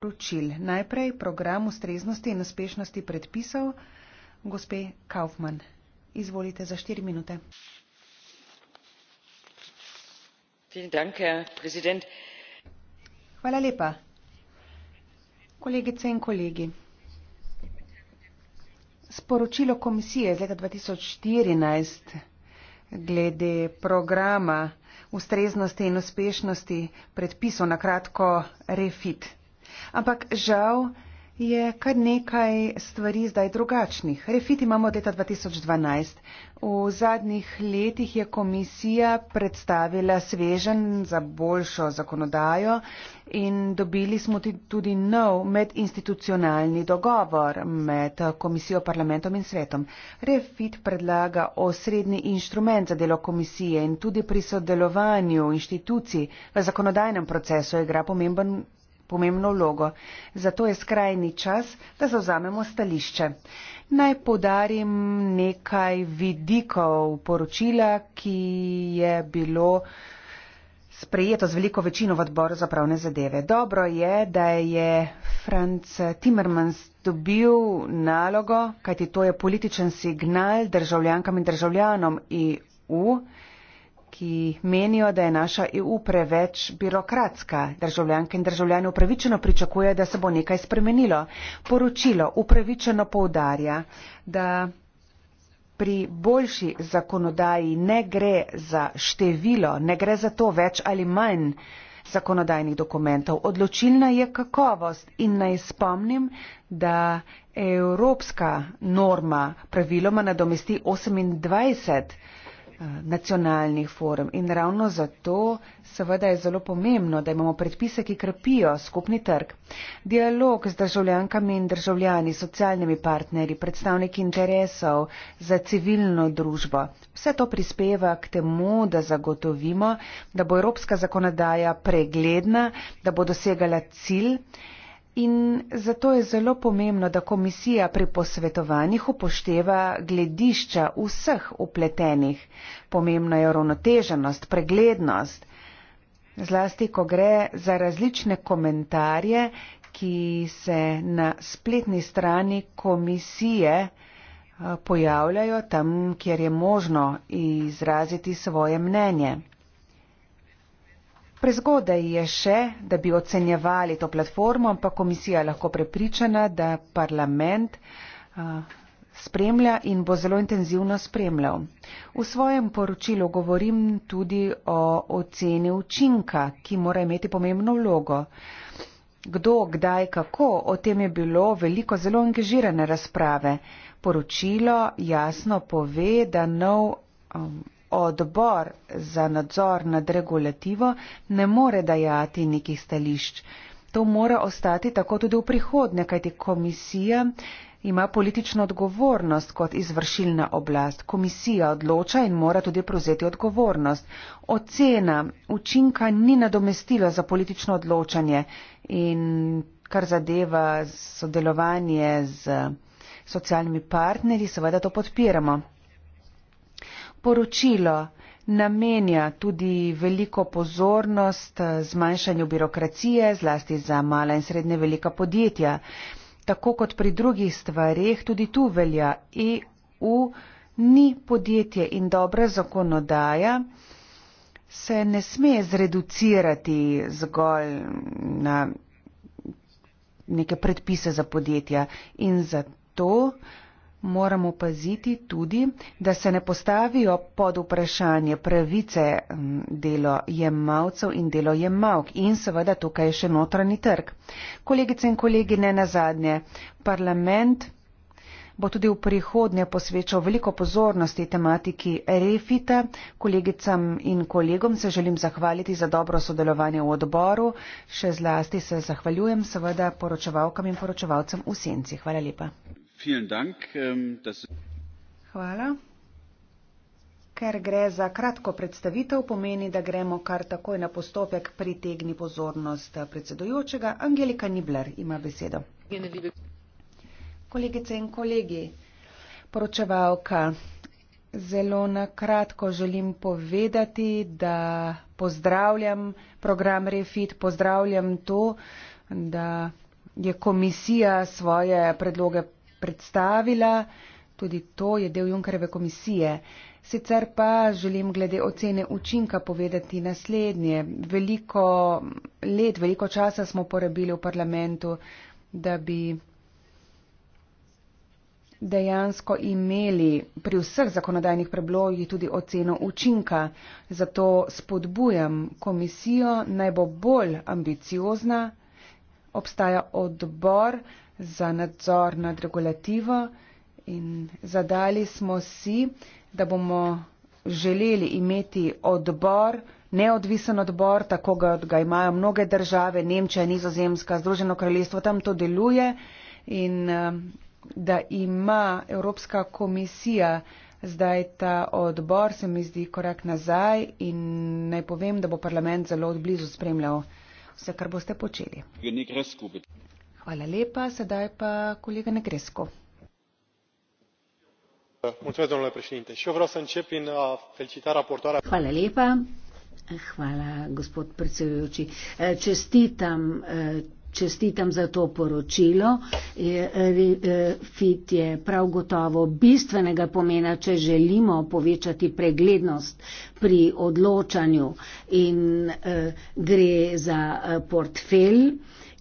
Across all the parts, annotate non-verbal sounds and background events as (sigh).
poročil. Najprej program ustreznosti in uspešnosti predpisov. Gospe Kaufmann, izvolite za štiri minute. Hvala lepa. Kolegice in kolegi. Sporočilo komisije iz leta 2014 glede programa ustreznosti in uspešnosti predpisov na kratko refit Ampak žal je kar nekaj stvari zdaj drugačnih. Refit imamo od leta 2012. V zadnjih letih je komisija predstavila svežen za boljšo zakonodajo in dobili smo tudi nov medinstitucionalni dogovor med komisijo, parlamentom in svetom. Refit predlaga osrednji inštrument za delo komisije in tudi pri sodelovanju inštitucij v zakonodajnem procesu igra pomemben pomembno vlogo. Zato je skrajni čas, da zauzamemo stališče. Naj podarim nekaj vidikov poročila, ki je bilo sprejeto z veliko večino v odboru za pravne zadeve. Dobro je, da je Franc Timmermans dobil nalogo, kajti to je političen signal državljankam in državljanom EU, ki menijo, da je naša EU preveč birokratska. Državljanke in državljani upravičeno pričakujejo, da se bo nekaj spremenilo. Poročilo upravičeno poudarja, da pri boljši zakonodaji ne gre za število, ne gre za to več ali manj zakonodajnih dokumentov. Odločilna je kakovost in naj spomnim, da evropska norma praviloma nadomesti 28 Eh, nacionalnih forum. In ravno zato seveda je zelo pomembno, da imamo predpise, ki krpijo skupni trg. Dialog z državljankami in državljani, socialnimi partnerji, predstavniki interesov za civilno družbo. Vse to prispeva k temu, da zagotovimo, da bo evropska zakonodaja pregledna, da bo dosegala cilj. In zato je zelo pomembno, da komisija pri posvetovanjih upošteva gledišča vseh upletenih. Pomembna je ravnoteženost, preglednost, zlasti ko gre za različne komentarje, ki se na spletni strani komisije eh, pojavljajo tam, kjer je možno izraziti svoje mnenje. Prezgodaj je še, da bi ocenjevali to platformo, ampak komisija je lahko prepričana, da parlament spremlja in bo zelo intenzivno spremljal. V svojem poročilu govorim tudi o oceni učinka, ki mora imeti pomembno vlogo. Kdo, kdaj, kako, o tem je bilo veliko zelo angažirane razprave. Poročilo jasno pove, da nov. Um, odbor za nadzor nad regulativo ne more dajati nekih stališč. To mora ostati tako tudi v prihodnje, kajti komisija ima politično odgovornost kot izvršilna oblast. Komisija odloča in mora tudi prevzeti odgovornost. Ocena učinka ni nadomestilo za politično odločanje in kar zadeva sodelovanje z socialnimi partnerji, seveda to podpiramo. Poročilo namenja tudi veliko pozornost eh, zmanjšanju birokracije, zlasti za mala in srednje velika podjetja. Tako kot pri drugih stvarih, tudi tu velja EU, ni podjetje in dobra zakonodaja se ne sme zreducirati zgolj na neke predpise za podjetja in zato moramo paziti tudi, da se ne postavijo pod vprašanje pravice delo jemalcev in delo jemalk in seveda tukaj je še notranji trg. Kolegice in kolegi, ne nazadnje, parlament bo tudi v prihodnje posvečal veliko pozornosti tematiki refita. Kolegicam in kolegom se želim zahvaliti za dobro sodelovanje v odboru. Še zlasti se zahvaljujem seveda poročevalkam in poročevalcem v senci. Hvala lepa. Ähm, Hvala. Ker gre za kratko predstavitev, pomeni, da gremo kar takoj na postopek pritegni pozornost predsedujočega. Angelika Nibler ima besedo. Kolegice in kolegi, poročevalka, zelo na kratko želim povedati, da pozdravljam program Refit, pozdravljam to, da je komisija svoje predloge predstavila, tudi to je del Junkareve komisije. Sicer pa želim glede ocene učinka povedati naslednje. Veliko let, veliko časa smo porabili v parlamentu, da bi dejansko imeli pri vseh zakonodajnih preblojih tudi oceno učinka. Zato spodbujam komisijo, naj bo bolj ambiciozna. Obstaja odbor, za nadzor nad regulativo in zadali smo si, da bomo želeli imeti odbor, neodvisen odbor, tako ga, ga imajo mnoge države, Nemčija, Nizozemska, Združeno kraljestvo, tam to deluje in eh, da ima Evropska komisija zdaj ta odbor, se mi zdi korak nazaj in naj povem, da bo parlament zelo odblizu spremljal vse, kar boste počeli. Hvala lepa. Sedaj pa kolega Negresko. Hvala lepa. Hvala, gospod predsedujoči. Eh, čestitam, eh, čestitam za to poročilo. Eh, FIT je prav gotovo bistvenega pomena, če želimo povečati preglednost pri odločanju in gre za portfelj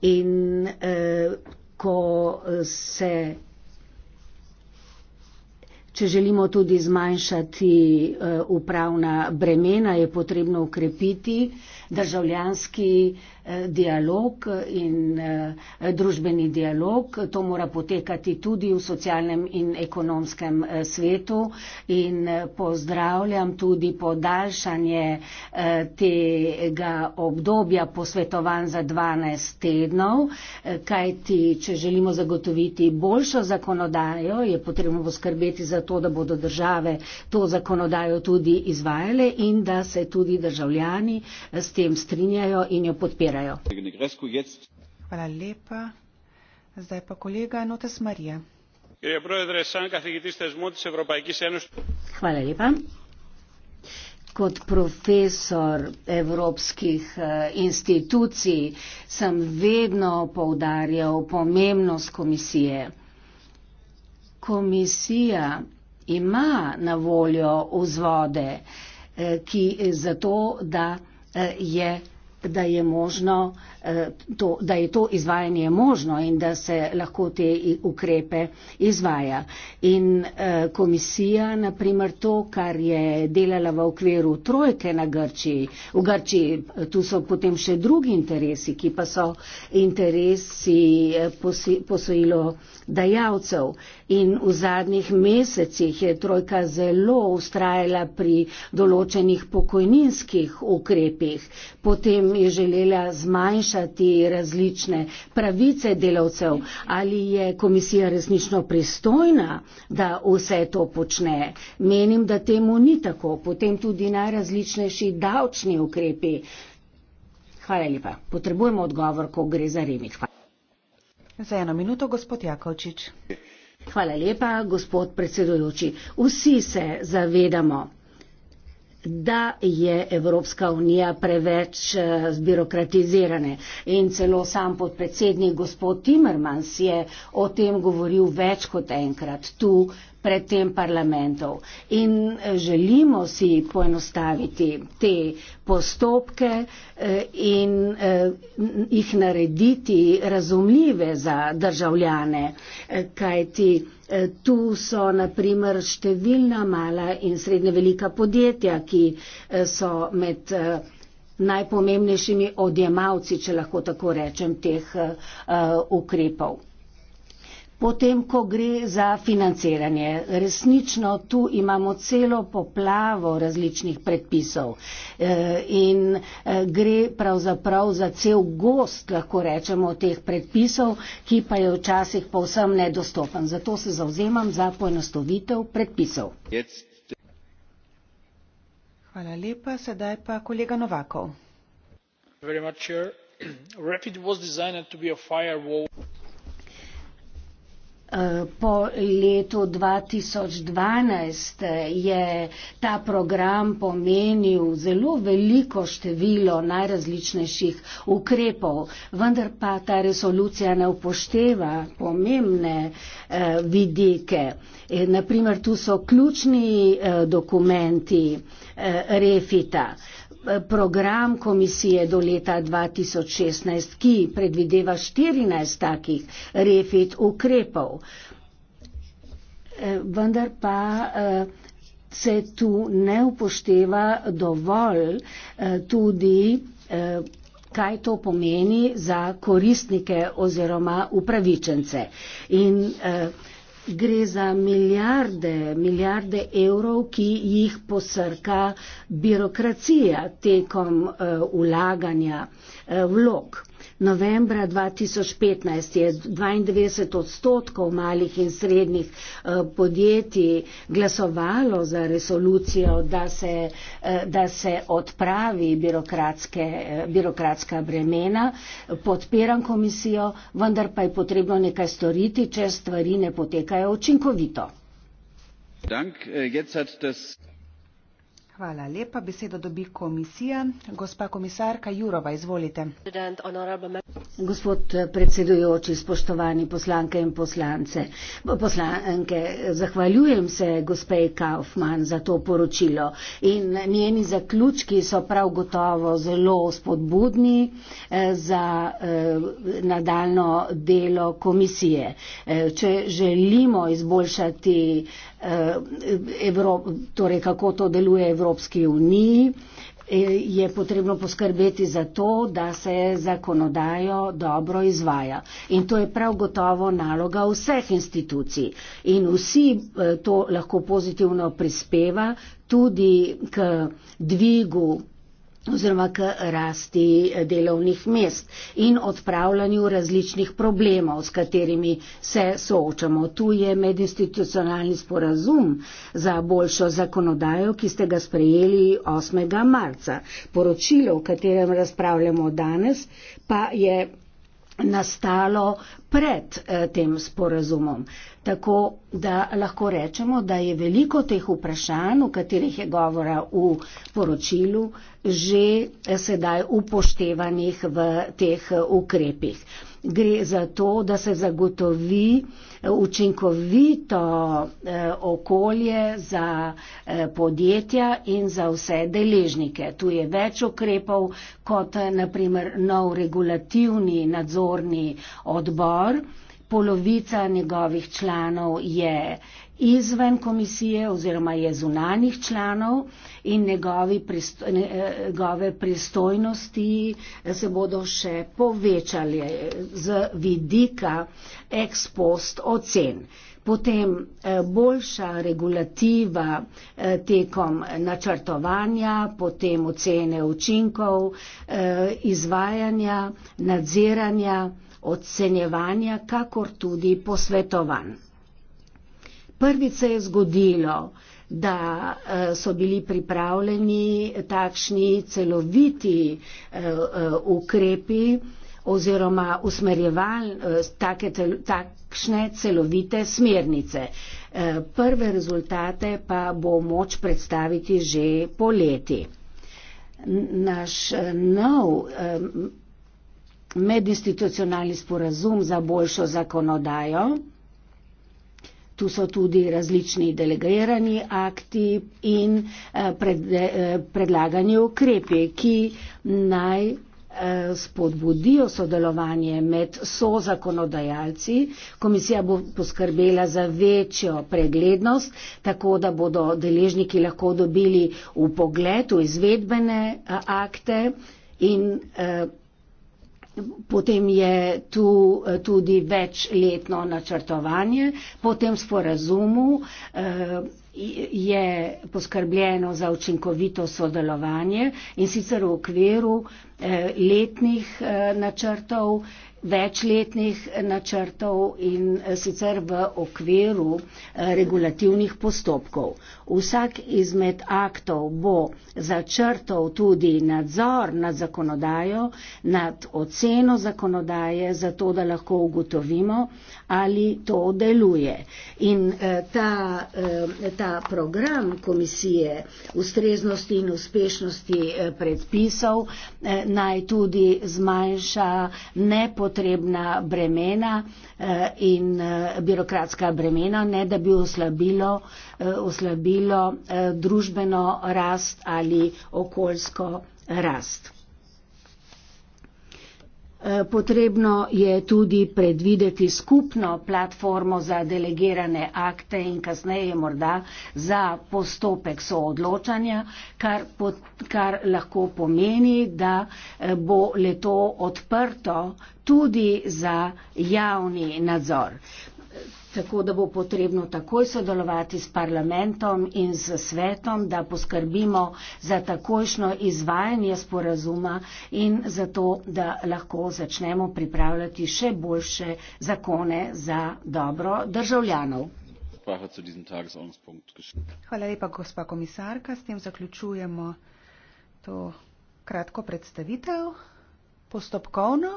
In eh, ko se, če želimo tudi zmanjšati eh, upravna bremena, je potrebno ukrepiti državljanski eh, dialog in eh, družbeni dialog. To mora potekati tudi v socialnem in ekonomskem eh, svetu in eh, pozdravljam tudi podaljšanje tega obdobja posvetovanj za 12 tednov, kajti če želimo zagotoviti boljšo zakonodajo, je potrebno poskrbeti za to, da bodo države to zakonodajo tudi izvajale in da se tudi državljani s tem strinjajo in jo podpirajo podpirajo. Hvala lepa. Zdaj pa kolega Notes Marija. Hvala lepa. Kot profesor evropskih eh, institucij sem vedno poudarjal pomembnost komisije. Komisija ima na voljo vzvode, eh, ki zato, da eh, je da je možno Eh, to, da je to izvajanje možno in da se lahko te ukrepe izvaja. In eh, komisija, naprimer to, kar je delala v okviru trojke na Grčiji, v Grčiji eh, tu so potem še drugi interesi, ki pa so interesi posojilo dajalcev. In v zadnjih mesecih je trojka zelo ustrajala pri določenih pokojninskih ukrepih, potem je želela zmanjšati vprašati različne pravice delavcev, ali je komisija resnično pristojna, da vse to počne. Menim, da temu ni tako. Potem tudi najrazličnejši davčni ukrepi. Hvala lepa. Potrebujemo odgovor, ko gre za remit. Za eno minuto, gospod Jakovčič. Hvala lepa, gospod predsedujoči. Vsi se zavedamo, da je Evropska unija preveč eh, zbirokratizirana. In celo sam podpredsednik gospod Timmermans je o tem govoril več kot enkrat tu pred tem parlamentom. In eh, želimo si poenostaviti te postopke eh, in jih narediti razumljive za državljane, eh, kajti eh, tu so naprimer številna mala in srednje velika podjetja, ki eh, so med najpomembnejšimi odjemalci, če lahko tako rečem, teh ukrepov. Potem, ko gre za financiranje, resnično tu imamo celo poplavo različnih predpisov eh, in eh, gre pravzaprav za cel gost, lahko rečemo, teh predpisov, ki pa je včasih povsem nedostopen. Zato se zauzemam za poenostavitev predpisov. Hvala lepa. Sedaj pa kolega Novakov. (clears throat) Eh, po letu 2012 eh, je ta program pomenil zelo veliko število najrazličnejših ukrepov, vendar pa ta resolucija ne upošteva pomembne eh, vidike. E, eh, naprimer, tu so ključni eh, dokumenti eh, refita. Eh, program komisije do leta 2016, ki predvideva 14 takih refit ukrepov. Eh, vendar pa eh, se tu ne upošteva dovolj eh, tudi, kaj to pomeni za koristnike oziroma upravičence. In gre za milijarde, milijarde evrov, ki jih posrka birokracija tekom uh, vlaganja uh, vlog. Novembra 2015 je 92 odstotkov malih in srednjih eh, podjetij glasovalo za resolucijo, da se, eh, da se odpravi eh, birokratska bremena. Podpiram komisijo, vendar pa je potrebno nekaj storiti, če stvari ne potekajo učinkovito. Dank, äh, Hvala lepa. Besedo dobi komisija. Gospa komisarka Jurova, izvolite. Gospod eh, predsedujoči, spoštovani poslanke in poslance, poslanke, zahvaljujem se gospe Kaufmann za to poročilo in njeni zaključki so prav gotovo zelo spodbudni eh, za eh, nadaljno delo komisije. Če želimo izboljšati Eh, Evro, torej kako to deluje Evropski uniji, eh, je potrebno poskrbeti za to, da se zakonodajo dobro izvaja. In to je prav gotovo naloga vseh institucij. In vsi eh, to lahko pozitivno prispeva tudi k dvigu oziroma k rasti eh, delovnih mest in odpravljanju različnih problemov, s katerimi se soočamo. Tu je medinstitucionalni sporazum za boljšo zakonodajo, ki ste ga sprejeli 8. marca. Poročilo, o katerem razpravljamo danes, pa je nastalo pred eh, tem sporazumom. Tako da lahko rečemo, da je veliko teh vprašanj, o katerih je govora v poročilu, že eh, sedaj upoštevanih v teh eh, ukrepih. Gre za to, da se zagotovi učinkovito okolje za podjetja in za vse deležnike. Tu je več ukrepov kot naprimer nov regulativni nadzorni odbor zbor, polovica njegovih članov je izven komisije oziroma je zunanih članov in eh, njegove pristojnosti se bodo še povečali z vidika ex post ocen potem eh, boljša regulativa eh, tekom eh, načrtovanja, potem ocene učinkov, izvajanja, nadziranja, ocenjevanja, kakor tudi posvetovanj. Prvi se je zgodilo, da so bili pripravljeni takšni celoviti ukrepi, oziroma usmerjeval eh, take, takšne celovite smernice. Eh, prve rezultate pa bo moč predstaviti že poleti. Naš eh, nov medinstitucionalni sporazum za boljšo zakonodajo, tu so tudi različni delegirani akti in predlagani ukrepi, ki naj Eh, spodbudijo sodelovanje med sozakonodajalci. Komisija bo poskrbela za večjo preglednost, tako da bodo deležniki lahko dobili v pogled v izvedbene eh, akte in eh, potem je tu eh, tudi večletno načrtovanje, potem v sporazumu eh, je poskrbljeno za učinkovito sodelovanje in sicer v okviru eh, letnih načrtov večletnih načrtov in eh, sicer v okviru eh, regulativnih postopkov. Vsak izmed aktov bo začrtov tudi nadzor nad zakonodajo, nad oceno zakonodaje, zato da lahko ugotovimo, ali to deluje. In eh, ta, ta program komisije ustreznosti in uspešnosti predpisov naj tudi zmanjša nepotrebno nepotrebna bremena eh, in eh, birokratska bremena, ne da bi oslabilo, eh, oslabilo družbeno rast ali okoljsko rast. Eh, potrebno je tudi predvideti skupno platformo za delegirane akte in kasneje morda za postopek soodločanja, kar, pot, kar lahko pomeni, da eh, bo leto odprto tudi za javni nadzor tako da bo potrebno takoj sodelovati s parlamentom in s svetom, da poskrbimo za takojšno izvajanje sporazuma in zato, da lahko začnemo pripravljati še boljše zakone za dobro državljanov. Hvala lepa, gospa komisarka. S tem zaključujemo to kratko predstavitev. Postopkovno.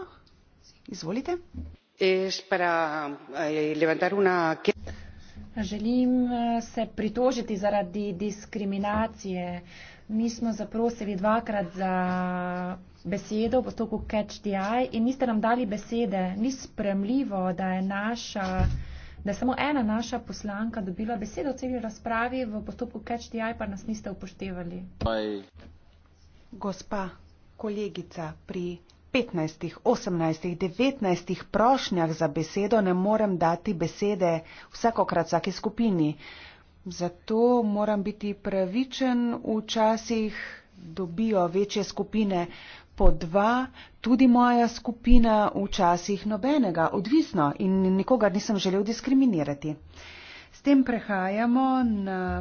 Izvolite. Eh, želim eh, se pritožiti zaradi diskriminacije mi smo zaprosili dvakrat za besedo v postopku catch the eye in niste nam dali besede ni sprejemljivo da je naša da je samo ena naša poslanka dobila besedo v celi razpravi v postopku catch the eye pa nas niste upoštevali Bye. gospa kolegica pri 15, 18, 19 prošnjah za besedo ne morem dati besede vsakokrat vsake skupini. Zato moram biti pravičen, včasih dobijo večje skupine po dva, tudi moja skupina včasih nobenega, odvisno in nikogar nisem želel diskriminirati. S tem prehajamo na.